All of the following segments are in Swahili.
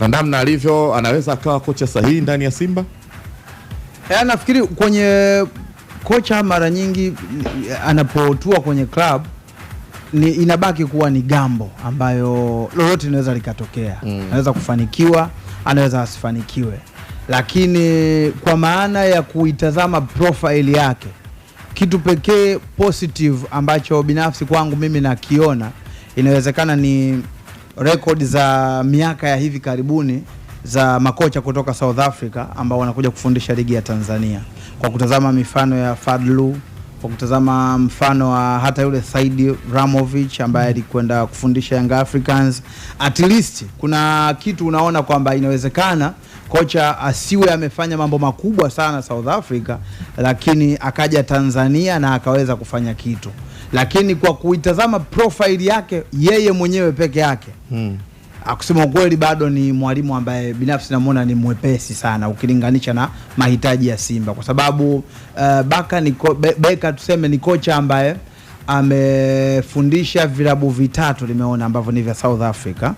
na namna alivyo, anaweza akawa kocha sahihi ndani ya Simba. E, nafikiri kwenye kocha mara nyingi eh, anapotua kwenye club ni inabaki kuwa ni gambo ambayo lolote linaweza likatokea mm. Anaweza kufanikiwa, anaweza asifanikiwe, lakini kwa maana ya kuitazama profile yake, kitu pekee positive ambacho binafsi kwangu mimi nakiona inawezekana ni rekodi za miaka ya hivi karibuni za makocha kutoka South Africa ambao wanakuja kufundisha ligi ya Tanzania, kwa kutazama mifano ya Fadlu, kwa kutazama mfano wa hata yule Said Ramovich ambaye alikwenda kufundisha Young Africans. At least kuna kitu unaona kwamba inawezekana kocha asiwe amefanya mambo makubwa sana South Africa, lakini akaja Tanzania na akaweza kufanya kitu, lakini kwa kuitazama profile yake yeye mwenyewe peke yake hmm. Akusema ukweli bado ni mwalimu ambaye binafsi namwona ni mwepesi sana ukilinganisha na mahitaji ya Simba kwa sababu uh, baka ni beka tuseme ni kocha ambaye amefundisha vilabu vitatu limeona ambavyo ni vya South Africa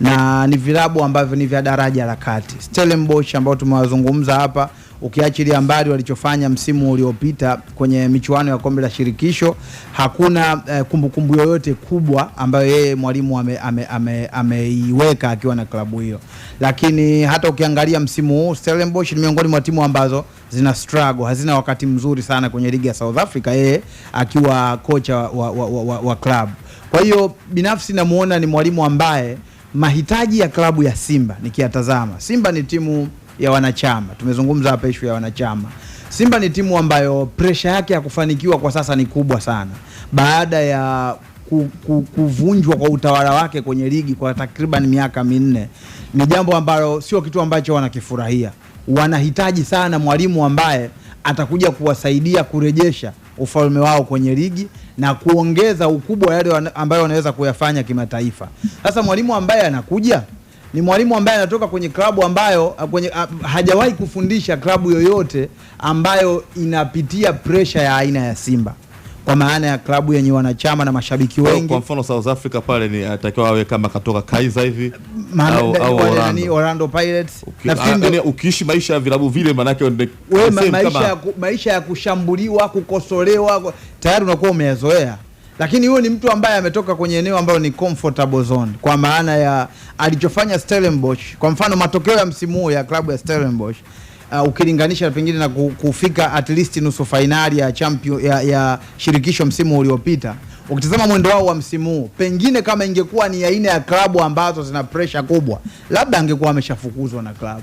na ni vilabu ambavyo ni vya daraja la kati. Stellenbosch ambao tumewazungumza hapa ukiachilia mbali walichofanya msimu uliopita kwenye michuano ya kombe la shirikisho, hakuna eh, kumbukumbu eh, kumbu yoyote kubwa ambayo yeye mwalimu ameiweka ame, ame, ame akiwa na klabu hiyo. Lakini hata ukiangalia msimu huu Stellenbosch ni miongoni mwa timu ambazo zina struggle, hazina wakati mzuri sana kwenye ligi ya South Africa, yeye akiwa kocha wa, wa, wa, wa, wa klabu. Kwa hiyo binafsi namuona ni mwalimu ambaye mahitaji ya klabu ya Simba nikiyatazama, Simba ni timu ya wanachama. Tumezungumza hapa ishu ya wanachama. Simba ni timu ambayo presha yake ya kufanikiwa kwa sasa ni kubwa sana baada ya ku, ku, kuvunjwa kwa utawala wake kwenye ligi kwa takriban miaka minne. Ni jambo ambalo sio kitu ambacho wanakifurahia. Wanahitaji sana mwalimu ambaye atakuja kuwasaidia kurejesha ufalme wao kwenye ligi na kuongeza ukubwa yale ambayo wanaweza kuyafanya kimataifa. Sasa mwalimu ambaye anakuja ni mwalimu ambaye anatoka kwenye klabu ambayo kwenye, hajawahi kufundisha klabu yoyote ambayo inapitia presha ya aina ya Simba kwa maana ya klabu yenye wanachama na mashabiki wengi. Kwa mfano South Africa pale ni atakiwa awe kama katoka Kaizer hivi au au Orlando, Orlando Pirates. a, ukiishi maisha ya vilabu vile, manake wewe maisha ya kushambuliwa, kukosolewa, tayari unakuwa umeyazoea lakini huyo ni mtu ambaye ametoka kwenye eneo ambayo ni comfortable zone, kwa maana ya alichofanya Stellenbosch. Kwa mfano matokeo ya msimu huu ya klabu ya Stellenbosch uh, ukilinganisha pengine na kufika at least nusu fainali ya champion ya, ya shirikisho msimu uliopita, ukitazama mwendo wao wa msimu huu, pengine kama ingekuwa ni aina ya klabu ambazo zina pressure kubwa, labda angekuwa ameshafukuzwa na klabu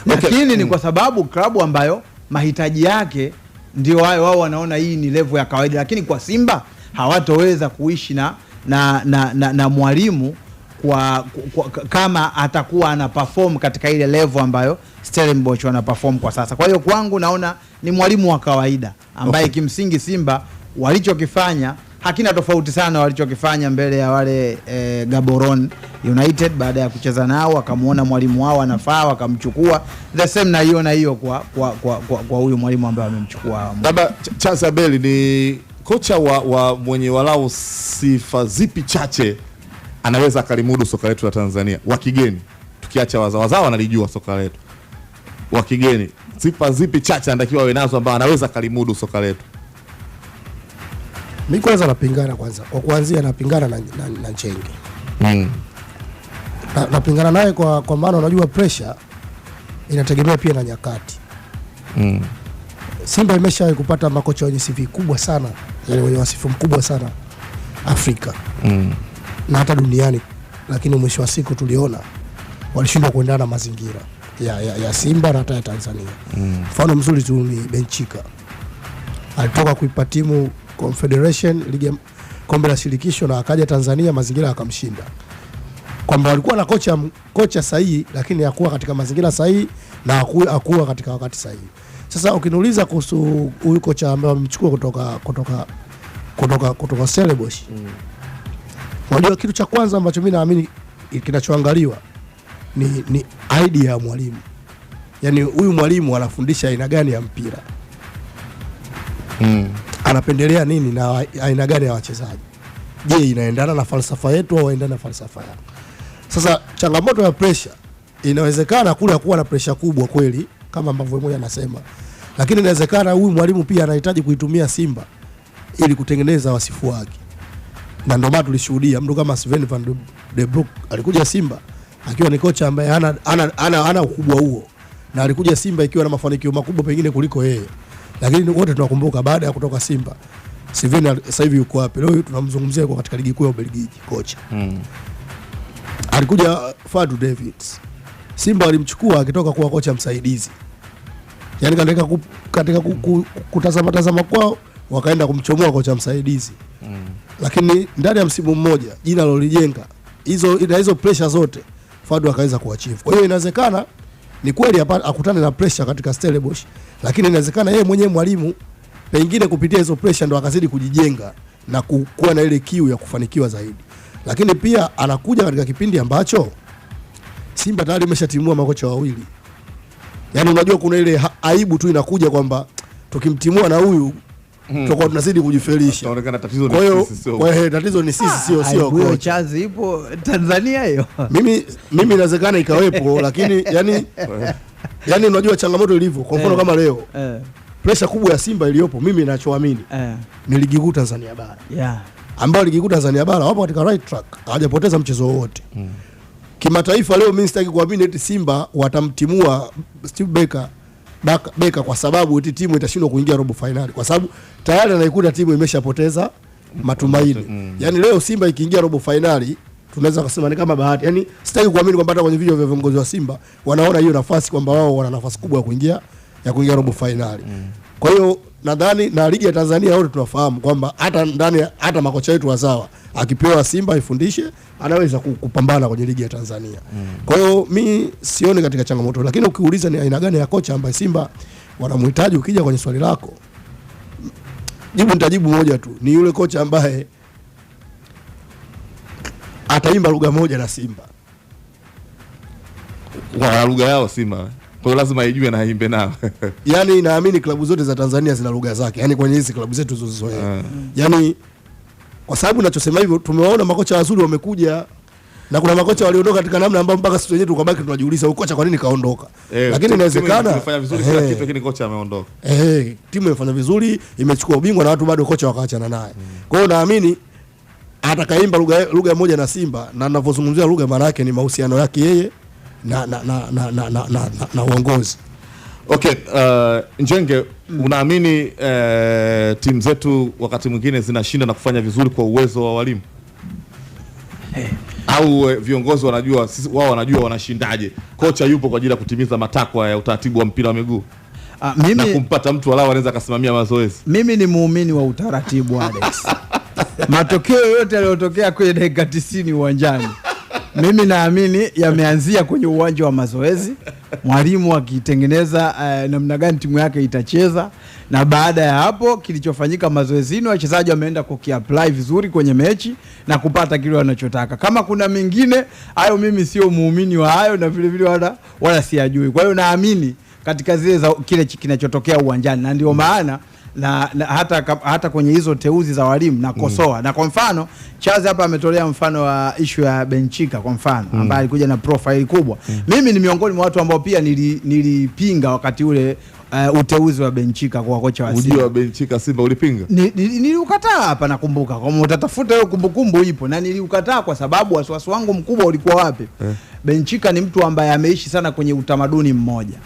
okay. Lakini ni mm. kwa sababu klabu ambayo mahitaji yake ndio hayo, wao wanaona hii ni level ya kawaida, lakini kwa Simba hawatoweza kuishi na, na, na, na, na mwalimu kwa, kwa, kama atakuwa ana perform katika ile level ambayo Stellenbosch wana perform kwa sasa. Kwa hiyo kwangu naona ni mwalimu wa kawaida ambaye okay. Kimsingi Simba walichokifanya hakina tofauti sana walichokifanya mbele ya wale e, Gaborone United baada ya kucheza nao, wakamwona mwalimu wao anafaa, wakamchukua. The same naiona hiyo kwa huyu kwa, kwa, kwa, kwa mwalimu ambaye amemchukua. Labda Chasabeli ni kocha wa, wa mwenye walau sifa zipi chache anaweza akalimudu soka letu la Tanzania wa kigeni, tukiacha wazawazao wanalijua soka letu wa kigeni, sifa zipi chache anatakiwa awe nazo ambao anaweza akalimudu soka letu? Mi kwanza napingana kwanza, kwa kuanzia napingana na, na, na Chenge mm. na, napingana naye kwa, kwa maana unajua pressure inategemea pia na nyakati mm. Simba imeshawahi kupata makocha wenye CV kubwa sana wenye wasifu mkubwa sana Afrika mm. na hata duniani, lakini mwisho wa siku tuliona walishindwa kuendana na mazingira ya, ya, ya Simba na hata ya Tanzania. Mm. Mfano mm. mzuri tu ni Benchika alitoka kuipa timu Confederation ligi kombe la shirikisho na akaja Tanzania, mazingira akamshinda, kwamba alikuwa na kocha, kocha sahihi, lakini hakuwa katika mazingira sahihi na hakuwa katika wakati sahihi. Sasa ukiniuliza kuhusu huyu kocha ambaye amemchukua kutoka, kutoka kutoka kutoka Stellenbosch. Mm. Unajua mm. kitu cha kwanza ambacho mimi naamini kinachoangaliwa ni, ni idea ya mwalimu, yaani huyu mwalimu anafundisha aina gani ya mpira mm. anapendelea nini na aina gani ya wachezaji. Je, inaendana na falsafa yetu au aendana na falsafa yao? Sasa changamoto ya pressure inawezekana kule kuwa na pressure kubwa kweli, kama ambavyo mmoja anasema, lakini inawezekana huyu mwalimu pia anahitaji kuitumia Simba ili kutengeneza wasifu wake, na ndio maana tulishuhudia mtu kama Sven van de Broek alikuja Simba akiwa ni kocha ambaye ana, ana, ana, ana, ana ukubwa huo, na alikuja Simba ikiwa na mafanikio makubwa pengine kuliko yeye, lakini wote tunakumbuka baada ya kutoka Simba Sven sasa hivi yuko wapi? Leo tunamzungumzia kwa katika ligi kuu ya Ubelgiji kocha. Mm. Alikuja uh, Fadu Davids. Simba alimchukua akitoka kuwa kocha msaidizi. Yaani katika katika kutazama tazama kwao wakaenda kumchomoa kocha msaidizi mm. Lakini ndani ya msimu mmoja jina lolijenga hizo na hizo pressure zote Fadu akaweza kuachieve. Kwa hiyo inawezekana ni kweli akutane na pressure katika Stellenbosch, lakini inawezekana yeye mwenyewe mwalimu pengine kupitia hizo pressure ndo akazidi kujijenga na kuwa na ile kiu ya kufanikiwa zaidi. Lakini pia anakuja katika kipindi ambacho Simba tayari imeshatimua makocha wawili, yaani unajua kuna ile aibu tu inakuja kwamba tukimtimua na huyu Hmm. tutakuwa tunazidi kujifelisha. Kwa hiyo tatizo ni sisi, sio ah, sio chazi ipo Tanzania hiyo. Mimi mimi inawezekana ikawepo, lakini yani yani unajua changamoto ilivyo. Kwa mfano eh. kama leo eh. presha kubwa ya Simba iliyopo, mimi ninachoamini eh. ni ligi kuu Tanzania bara yeah, ambayo ligi kuu Tanzania bara wapo katika right track, hawajapoteza mchezo wowote mm. Kimataifa leo mimi sitaki kuamini eti Simba watamtimua Steve Baker baka, beka kwa sababu eti timu itashindwa kuingia robo fainali, kwa sababu tayari anaikuta timu imeshapoteza matumaini mm. Yani leo Simba ikiingia robo fainali tunaweza kusema ni kama bahati. Yani sitaki kuamini kwamba hata kwenye vichwa vya viongozi wa Simba wanaona hiyo nafasi kwamba wao wana nafasi kubwa ya kuingia ya kuingia robo fainali mm. Kwa hiyo nadhani na ligi ya Tanzania wote tunafahamu kwamba hata ndani hata makocha wetu wazawa akipewa Simba ifundishe anaweza kupambana kwenye ligi ya Tanzania. Mm. Kwa hiyo mi sioni katika changamoto, lakini ukiuliza ni aina gani ya kocha ambaye Simba wanamhitaji, ukija kwenye swali lako, jibu nitajibu moja tu, ni yule kocha ambaye ataimba lugha moja na Simba kwa lugha yao Simba kwa hiyo lazima ijue na aimbe nao. Yaani naamini klabu zote za Tanzania zina lugha zake, yaani kwenye hizi klabu zetu zozozoea, ah. yaani kwa sababu nachosema hivyo, tumewaona makocha wazuri wamekuja na kuna makocha waliondoka katika namna ambayo mpaka sisi wenyewe tukabaki tunajiuliza huyu kocha kwa nini kaondoka. Hey, eh, lakini inawezekana imefanya vizuri kila eh. kitu lakini kocha ameondoka. Eh, hey, timu imefanya vizuri, imechukua ubingwa na watu bado kocha wakaachana naye. Mm. Kwa hiyo naamini atakaimba lugha lugha moja na Simba na ninavyozungumzia lugha maana yake ni mahusiano yake yeye na na na na na, na, na, na, na uongozi. Okay, uh, Njenge mm. Unaamini uh, timu zetu wakati mwingine zinashinda na kufanya vizuri kwa uwezo wa walimu hey? Eh. Au uh, viongozi wanajua wao wanajua wanashindaje? Kocha yupo kwa ajili ya kutimiza matakwa ya utaratibu wa mpira wa miguu uh, mimi, na kumpata mtu alao anaweza akasimamia mazoezi. Mimi ni muumini wa utaratibu Alex. Matokeo yote yaliyotokea kwenye dakika 90 uwanjani mimi naamini yameanzia kwenye uwanja wa mazoezi mwalimu akitengeneza uh, namna gani timu yake itacheza, na baada ya hapo kilichofanyika mazoezini, wachezaji wameenda kukiapply vizuri kwenye mechi na kupata kile wanachotaka. Kama kuna mengine hayo, mimi sio muumini wa hayo na vile vile wala, wala siyajui. Kwa hiyo naamini katika zile za kile kinachotokea uwanjani na ndio maana na, na hata, hata kwenye hizo teuzi za walimu nakosoa mm. Na kwa mfano Chazi hapa ametolea mfano wa ishu ya Benchika kwa mfano mm. ambaye alikuja na profile kubwa mm. Mimi ni miongoni mwa watu ambao pia nili, nilipinga wakati ule Uh, uteuzi wa Benchika kwa kocha wa Simba. Ujio wa Benchika Simba ulipinga? Niliukataa ni, hapa nakumbuka. Kama utatafuta hiyo kumbukumbu ipo na niliukataa kwa sababu wasiwasi wangu mkubwa ulikuwa wapi? Eh. Benchika ni mtu ambaye ameishi sana kwenye utamaduni mmoja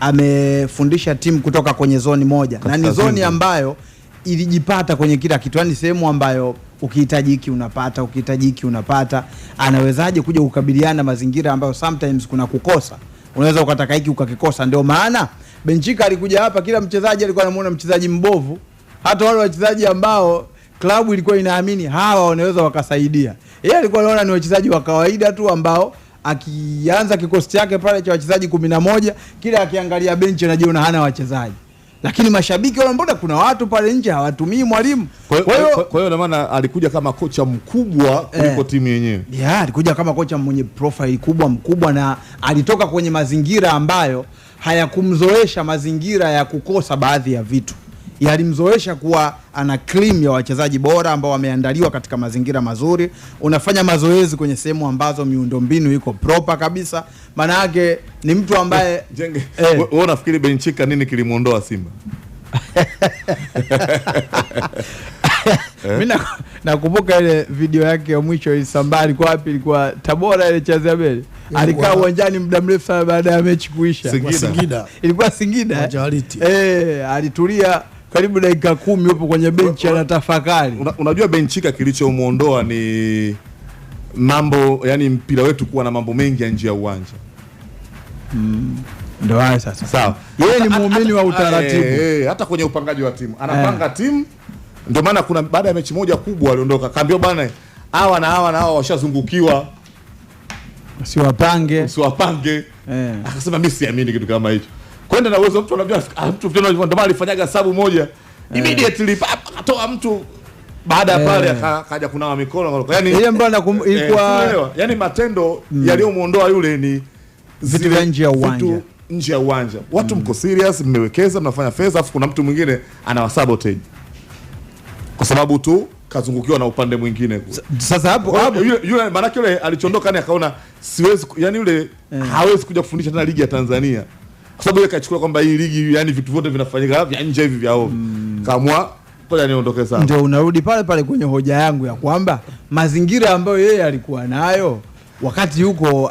amefundisha timu kutoka kwenye zoni moja Katika na ni zoni ambayo ilijipata kwenye kila kitu, yani sehemu ambayo ukihitaji hiki unapata, ukihitaji hiki unapata. Anawezaje kuja kukabiliana mazingira ambayo sometimes kuna kukosa, unaweza ukataka hiki ukakikosa. Ndio maana Benchika alikuja hapa, kila mchezaji alikuwa anamuona mchezaji mbovu, hata wale wachezaji ambao klabu ilikuwa inaamini hawa wanaweza wakasaidia, yeye alikuwa anaona ni wachezaji wa kawaida tu ambao akianza kikosi chake pale cha wachezaji kumi na moja, kila akiangalia benchi anajiona hana wachezaji lakini mashabiki wala mbona kuna watu pale nje hawatumii mwalimu. Kwa hiyo ndio maana alikuja kama kocha mkubwa eh. kuliko eh, timu yenyewe yeah, alikuja kama kocha mwenye profile kubwa mkubwa, na alitoka kwenye mazingira ambayo hayakumzoesha mazingira ya kukosa baadhi ya vitu yalimzoesha kuwa ana cream ya wachezaji bora ambao wameandaliwa katika mazingira mazuri. Unafanya mazoezi kwenye sehemu ambazo miundombinu iko proper kabisa, maana yake ni mtu ambaye Jenge, eh, wewe unafikiri Benchika nini kilimuondoa Simba? Mimi nakumbuka ile video yake ya mwisho ilisambaa, ilikuwa wapi? Ilikuwa Tabora, ile chazea mbele alikaa uwanjani muda mrefu sana baada ya mechi kuisha. Singida ilikuwa Singida, Singida. Eh, alitulia karibu dakika kumi upo kwenye benchi anatafakari. Una, unajua Benchika kilichomwondoa ni mambo yani mpira wetu kuwa na mambo mengi ya nje ya uwanja mm. Ndio haya sasa. Sawa. Yeye ni muumini wa utaratibu. hata, eh, eh, hata kwenye upangaji wa timu anapanga hey, eh. timu ndio maana kuna baada ya mechi moja kubwa aliondoka kaambia bwana hawa na hawa na hawa washazungukiwa siwapange siwapange hey. Akasema mimi siamini kitu kama hicho huenda na uwezo mtu anajua ah, mtu vitendo hivyo, ndio alifanyaga sabu moja eh. immediately pap akatoa mtu baada ya eh. pale akaja kunawa mikono, yani ile mbona eh, ilikuwa yani matendo mm. yaliyomuondoa yule ni vitu vya nje ya uwanja nje ya uwanja watu mm. Mko serious, mmewekeza, mnafanya fedha, afu kuna mtu mwingine anawasabotage kwa sababu tu kazungukiwa na upande mwingine. kule. Sasa hapo hapo yule yule maana yule alichondoka, yani akaona siwezi, yani yule hawezi kuja kufundisha tena ligi ya Tanzania kwa sababu yeye kachukua kwamba hii ligi yani vitu vyote vinafanyika vya nje hivi vya ovyo mm. kaamua ngoja niondoke sana. Ndio unarudi pale pale kwenye hoja yangu ya kwamba mazingira ambayo yeye alikuwa nayo wakati huko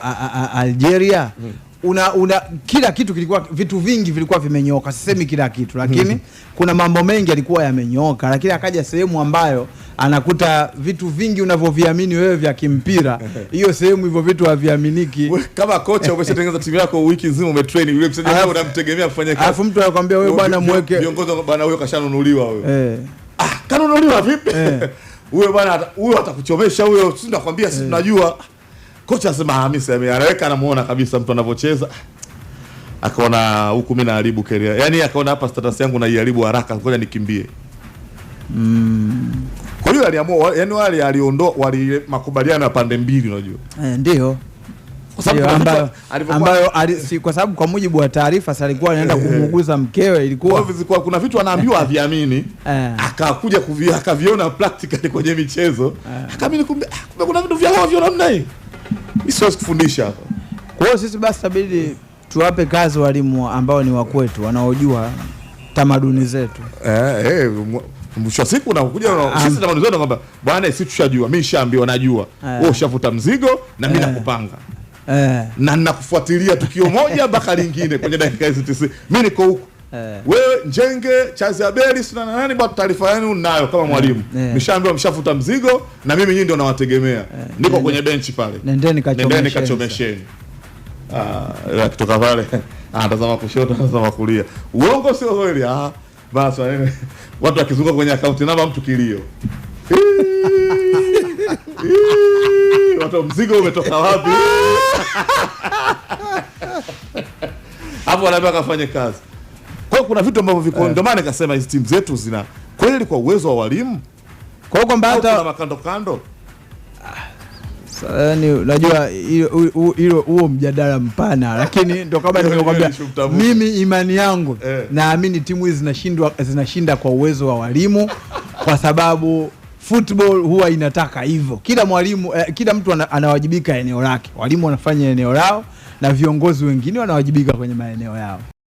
Algeria mm. Una, una kila kitu kilikuwa vitu vingi vilikuwa vimenyoka, sisemi kila kitu, lakini mm -hmm. kuna mambo mengi yalikuwa yamenyoka, lakini akaja sehemu ambayo anakuta vitu vingi unavyoviamini wewe vya kimpira, hiyo sehemu hivyo vitu haviaminiki. Kama kocha umeshatengeneza timu yako wiki nzima, umetrain yule msaidizi, unamtegemea afanye kazi, alafu mtu anakuambia wewe bwana, mweke viongozi bwana, huyo kashanunuliwa huyo. Eh, ah, kanunuliwa vipi eh. huyo bwana? Huyo atakuchomesha huyo, si nakwambia, si eh. tunajua. Kocha anasema ah, sema anaweka, anamuona kabisa mtu anavyocheza akaona huku mimi naharibu career, yaani akaona hapa status yangu naiharibu haraka, ngoja nikimbie. Mm. Kwa hiyo aliamua, yani wale aliondoa wali makubaliano ya pande mbili, unajua eh, ndio ambayo, ambayo ali, kwa sababu kwa mujibu wa taarifa alikuwa anaenda eh, eh. kumuuguza mkewe, ilikuwa kwa kuna vitu anaambiwa eh. aviamini akakuja akaviona practically kwenye michezo akamini, ah, kumbe kuna vitu vya hivyo namna hii, mimi siwezi kufundisha hapa. Kwa hiyo sisi basi tabidi tuwape kazi walimu ambao ni wakwetu wanaojua tamaduni zetu eh, eh mwisho wa siku unakuja ah, sisi tamani ah. zetu kwamba bwana, sisi tushajua, mimi nishaambiwa, najua eh. wewe ushafuta mzigo na mimi eh. nakupanga eh. na ninakufuatilia tukio moja mpaka lingine kwenye dakika hizi tisini, mimi niko huko wewe Njenge Chazi Abeli sina na nani bado, taarifa yenu ninayo kama mwalimu yeah. Nishaambiwa mshafuta mzigo na mimi nyinyi ndio nawategemea yeah. Niko Nende, kwenye benchi pale, nendeni kachomesheni, kachomesheni. Ah, kutoka pale anatazama ah, kushoto, anatazama kulia, uongo sio kweli ah basi watu wakizunguka kwenye akaunti namba mtu kilio watu mzigo umetoka wapi? hapo wanaambia kafanye kazi. Kwa kuna vitu ambavyo viko, eh. ndio maana nikasema hizi timu zetu zina kweli kwa uwezo wa walimu, kwa hiyo kwamba hata makando kando Yani unajua hilo huo mjadala mpana, lakini ndo kama nimekwambia mimi imani yangu eh, naamini timu hizi zinashindwa zinashinda kwa uwezo wa walimu kwa sababu football huwa inataka hivyo. Kila mwalimu eh, kila mtu ana, anawajibika eneo lake, walimu wanafanya eneo lao na viongozi wengine wanawajibika kwenye maeneo yao.